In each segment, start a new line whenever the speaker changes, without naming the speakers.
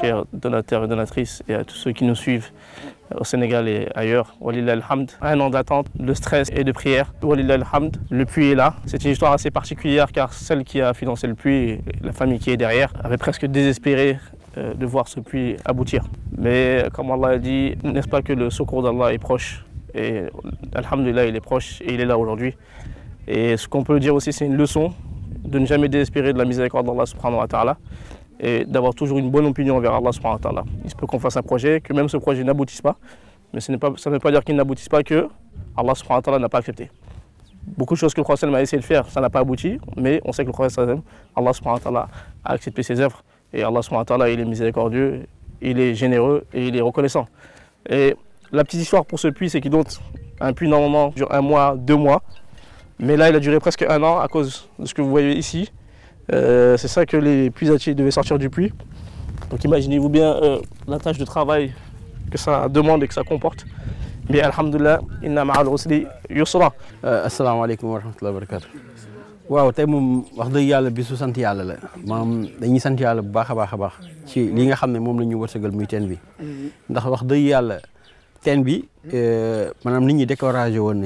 chers donateurs et donatrices et à tous ceux qui nous suivent au Sénégal et ailleurs. Walillah alhamd. Un an d'attente, de stress et de prière. Walillah alhamd. Le puits est là. C'est une histoire assez particulière car celle qui a financé le puits la famille qui est derrière avait presque désespéré euh, de voir ce puits aboutir. Mais comme Allah a dit, n'est-ce pas que le secours d'Allah est proche Et Alhamdulillah, il est proche et il est là aujourd'hui. Et ce qu'on peut dire aussi, c'est une leçon de ne jamais désespérer de la miséricorde d'Allah subhanahu wa ta'ala et d'avoir toujours une bonne opinion envers Allah subhanahu Il se peut qu'on fasse un projet, que même ce projet n'aboutisse pas, mais ça ne veut pas dire qu'il n'aboutisse pas que Allah subhanahu n'a pas accepté. Beaucoup de choses que le Prophète a essayé de faire, ça n'a pas abouti, mais on sait que le Prophète, Allah subhanahu a accepté ses œuvres, et Allah il est miséricordieux, il est généreux et il est reconnaissant. Et la petite histoire pour ce puits, c'est qu'il dote un puits normalement dure un mois, deux mois, mais là il a duré presque un an à cause de ce que vous voyez ici, euh, c'est ça que les puisatiers devaient sortir du puits. Donc imaginez-vous bien euh, la tâche de travail que ça demande et que ça comporte. Mais alhamdoulilah, inna ma'al usri yusra. Euh, assalamu alaikum wa rahmatullahi wa barakatuh.
waaw tay mom wax dëgg yàlla bisu sant yalla la maam dañuy sant yalla bu baax a baax ci li nga xam mom lañu la muy ten bi mm-hmm. ndax wax dëgg yalla ten bi euh, manam nit ñi décourager woon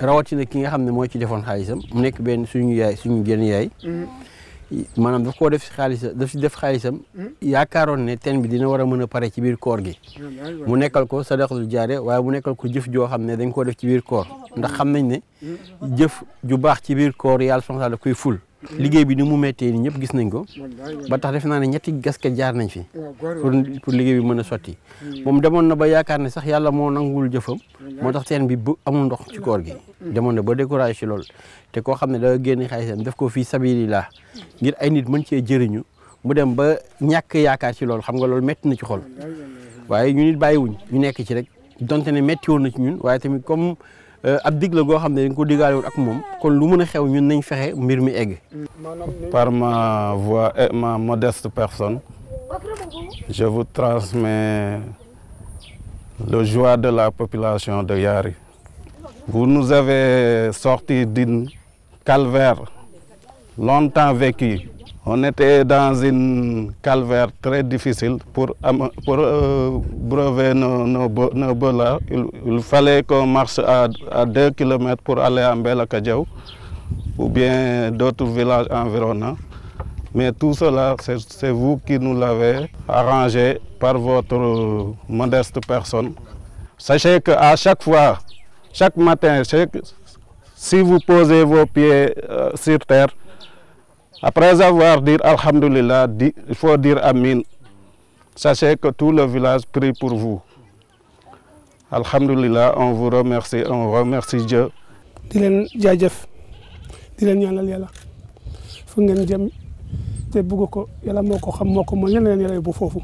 rawatina ki nga xam ne mooy ci defoon xaalisam mu nekk benn suñu yaay suñu génn yaay mm-hmm. maanaam daf koo def si xaalisam daf def xaalisam mm-hmm. yaakaaroon ne teen bi dina war a mën a pare ci biir koor gi mu nekkal ko sadaqatul jaare waaye mu nekkal ko jëf joo xam ne dañ koo def ci biir koor ndax xam nañ ne mm-hmm. jëf ju baax ci biir koor yàlla subhaanahu wa taala koy ful liggéey bi ni mu méttee ni ñëpp gis nañ ko ba tax def naa ne ñetti gaskat jaar nañ fi pour pour liggéey bi mën a sotti hmm. moom demoon na ba yaakaar ne sax yàlla moo nangul jëfam moo tax teen bi bu amul ndox ci koor gi hmm. demoon na ba découragé ci loolu te koo xam ne da génne xaalisam def ko fii sabilillah ngir ay nit mën cee jëriñu mu dem ba ñàkk yaakaar ci loolu xam nga loolu métti na ci xol waaye ñu nit bàyyiwuñ ñu nekk ci rek donte ne métti woon na ci
par ma voix et ma modeste personne je vous transmets le joie de la population de Yari. Vous nous avez sortis d'un calvaire longtemps vécu. On était dans une calvaire très difficile pour, pour euh, brever nos, bolas. Il, fallait qu'on marche à, 2 km pour aller à Mbelakadjaou ou bien d'autres villages environnants. Mais tout cela, c'est vous qui nous l'avez arrangé par votre modeste personne. Sachez qu'à chaque fois, chaque matin, si vous posez vos pieds euh, sur terre, après avoir dit Alhamdulillah, il faut dire Amin. Sachez que tout le village prie pour vous. Alhamdulillah, on vous remercie, on remercie Dieu.
di leen jaajëf di leen ñaanal yàlla fu ngeen jëm te bëgg ko yàlla moo ko xam moo ko mën yàlla bu foofu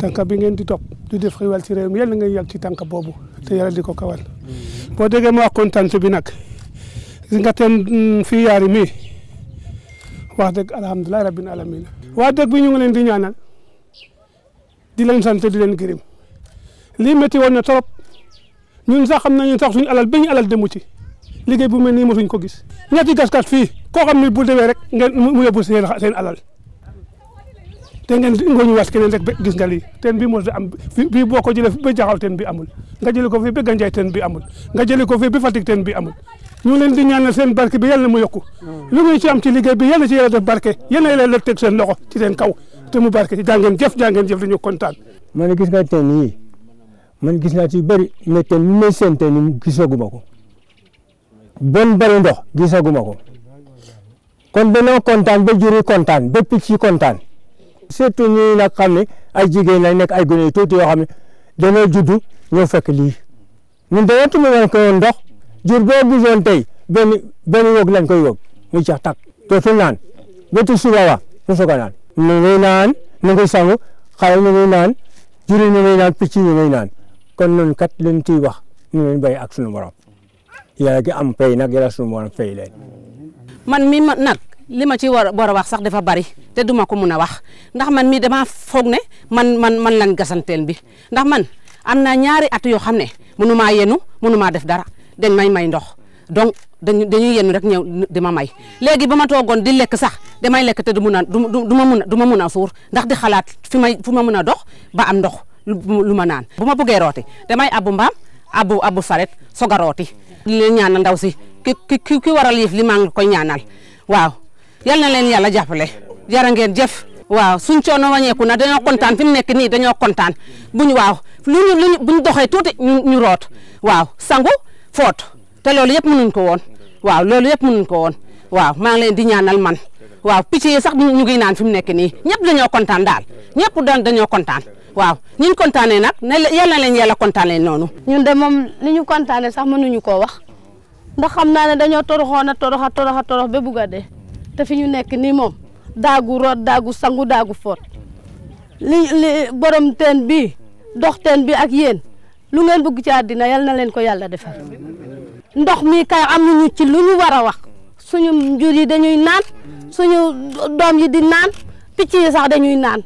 tànk bi ngeen di topp di def xewal ci réew mi yàlla ngeen yàgg ci tànk boobu te yàlla di ko kawal boo déggee ma wax kontaan bi nag gis nga teen mm, mi wax dëgg alhamdulilah rabbil alamin waa dëgg bi ñu ngi leen di ñaanal di leen sant di leen gërëm lii métti woon na trop ñun sax xam nañu sax suñu alal bi ñu alal demu ci liggéey bu mel nii mosuñ ko gis ñetti gaskat fii koo xam ne bu demee rek ngeen bu yóbbu seen seen alal te ngeen ngooñu was keneen rek gis nga lii teen bi mos da am bii boo ko jëlee ba jaxaw teen bi amul nga jëlee ko fii ba Gandiaye teen bi amul nga jëlee ko fii ba bi amul ñu ngi leen di ñaanal seen barke bi yàlla na mu yokku mm. lu ngeen ci am ci liggéey bi yàlla ci yàlla def barke yéena leen la teg seen loxo ci seen kaw te mu barke jàngeen jëf jàngeen jëf dañu kontaan ma ne gis nga yi man gis naa ci bëri
mais teen ñu may seen teen yi gisaguma ko bon bëri ndox gisaguma ko kon dañoo kontaan ba juri kontaan ba picc yi kontaan surtout ñi nag xam ne ay jigéen lañ nekk ay gone yu tuuti yoo xam ne dañoo juddu ñoo fekk lii ñun dañoo tudd woon ko ndox jur bu gisoon tay ben ben yóg lañ koy yóg muy to fi nan bo tu suwa wa fu so a ni ngi sangu xal ni ngi nan juri ni ngi nan picc ni ngi nan kon non kat liñ ci wax ni ngi bay ak sunu morom ya gi am pay nak ya sunu morom fay
man mi nak lima ci war bor wax sax dafa bari te duma ko mun wax ndax man mi dama fogné man man man lan gassantel bi ndax man am nanyari ñaari at yo xamné ne yenu munuma def dara. dañ may may ndox donc dañu dañuy yenn rek ñëw di ma may léegi ba ma toogoon di lekk sax damay lekk te du mun du ma mun a ma mun a suur ndax di xalaat fi may fu ma mun a dox ba am ndox lu ma naan bu ma bëggee rooti damay abu mbaam abbu abbu saret soog a rooti li leen ñaanal ndaw si ki ki ki waral yëf li maa ngi koy ñaanal waaw yal na leen yàlla jàppale jërë ngeen jëf waaw suñ coono wàññeeku na dañoo kontaan fi mu nekk nii dañoo kontaan buñ waaw luñu luñu buñ doxee tuuti ñu ñu root waaw sangu fort te lolou yëpp mënuñ ko won waaw lolou yëpp mënuñ ko won waaw ma ngi leen di ñaanal man waaw picc sax ñu ngi naan fimu nekk ni ñëpp dañoo contane dal ñëpp daal dañoo contane waaw ñun kontaanee nag ne yal na leen yàlla kontaanee noonu. ñun de mom li ñu kontaanee sax mënuñu ko wax ndax xam naa ne dañoo toroxoon a toroxa torox be nekk ni mom dagu rod dagu sangu dagu fort li borom ten bi dox ten bi ak yeen lu ngeen bëgg ci àddina yal na leen ko yàlla defal ndox mi kay amuñu ci lu ñu war a wax suñu njur yi dañuy naan suñu doom yi di naan picc yi sax dañuy naan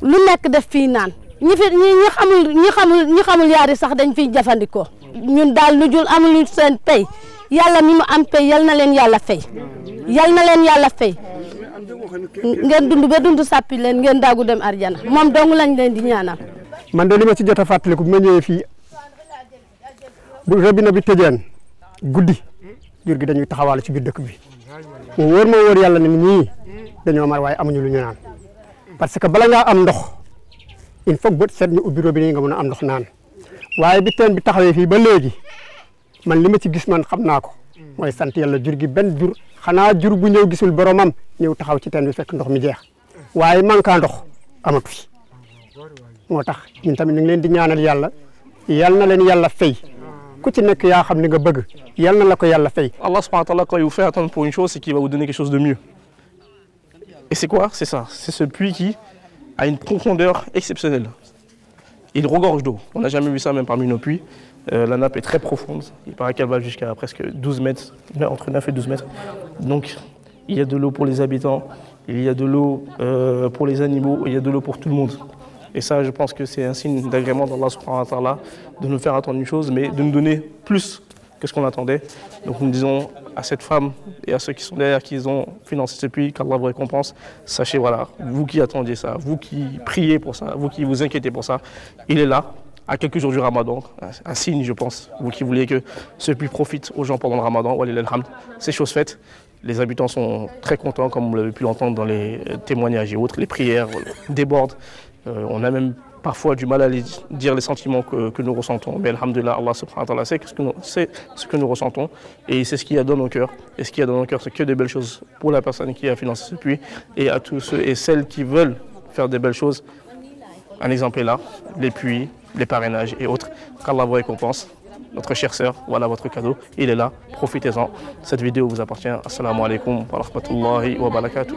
lu nekk def fii naan ñi fi ñi ñi xamul ñi xamul ñi xamul yaari sax dañ fiy jafandikoo ñun daal jur jul amuñu seen pay yàlla nu mu am pay yal na leen yàlla fay yal na leen yàlla fay ngeen dund ba dund sàppi leen ngeen daagu dem arjana moom dong lañ leen di ñaanal
man de li ma ci jot a fàttaliku bi ma ñëwee fii bu robinet bi tëjeen guddi jur gi dañuy taxawaale ci biir dëkk bi mu wóor ma wóor yàlla ne ñii dañoo mar waaye amuñu lu ñu naan parce que bala ngaa am ndox il faut bët seet ñu ubbi robinet yi nga mën a am ndox naan waaye bi teen bi taxawee fii ba léegi man li ma ci gis man xam naa ko mooy sant yàlla jur gi benn jur xanaa jur bu ñëw gisul boromam ñëw taxaw ci teen bi fekk ndox mi jeex waaye manquant ndox amatu ñun tamit Allah
subhanahu wa ta'ala quand il vous fait attendre pour une chose c'est qu'il va vous donner quelque chose de mieux et c'est quoi c'est ça c'est ce puits qui a une profondeur exceptionnelle il regorge d'eau on n'a jamais vu ça même parmi nos puits euh, la nappe est très profonde il paraît qu'elle va jusqu'à presque 12 mètres entre 9 et 12 mètres donc il y a de l'eau pour les habitants il y a de l'eau euh, pour les animaux il y a de l'eau pour tout le monde et ça, je pense que c'est un signe d'agrément d'Allah subhanahu wa ta'ala de nous faire attendre une chose, mais de nous donner plus que ce qu'on attendait. Donc nous disons à cette femme et à ceux qui sont derrière, qui ont financé ce puits, qu'Allah vous récompense. Sachez, voilà, vous qui attendiez ça, vous qui priez pour ça, vous qui vous inquiétez pour ça, il est là, à quelques jours du ramadan, un signe, je pense, vous qui vouliez que ce puits profite aux gens pendant le ramadan, c'est chose faite. Les habitants sont très contents, comme vous l'avez pu l'entendre dans les témoignages et autres. Les prières débordent. Euh, on a même parfois du mal à dire les sentiments que, nous ressentons. Mais Alhamdulillah, Allah subhanahu wa ta'ala sait ce, que nous, ce que nous ressentons et c'est ce qu'il y a dans nos cœurs. Et ce qu'il y a dans nos cœurs, c'est que des belles choses pour la personne qui a financé ce puits et à tous ceux et celles qui veulent faire des belles choses. Un exemple est là, les puits, les parrainages et autres. Qu'Allah vous récompense. Notre chère sœur, voilà votre cadeau, il est là, profitez-en. Cette vidéo vous appartient. Assalamu alaikum wa rahmatullahi wa barakatuh.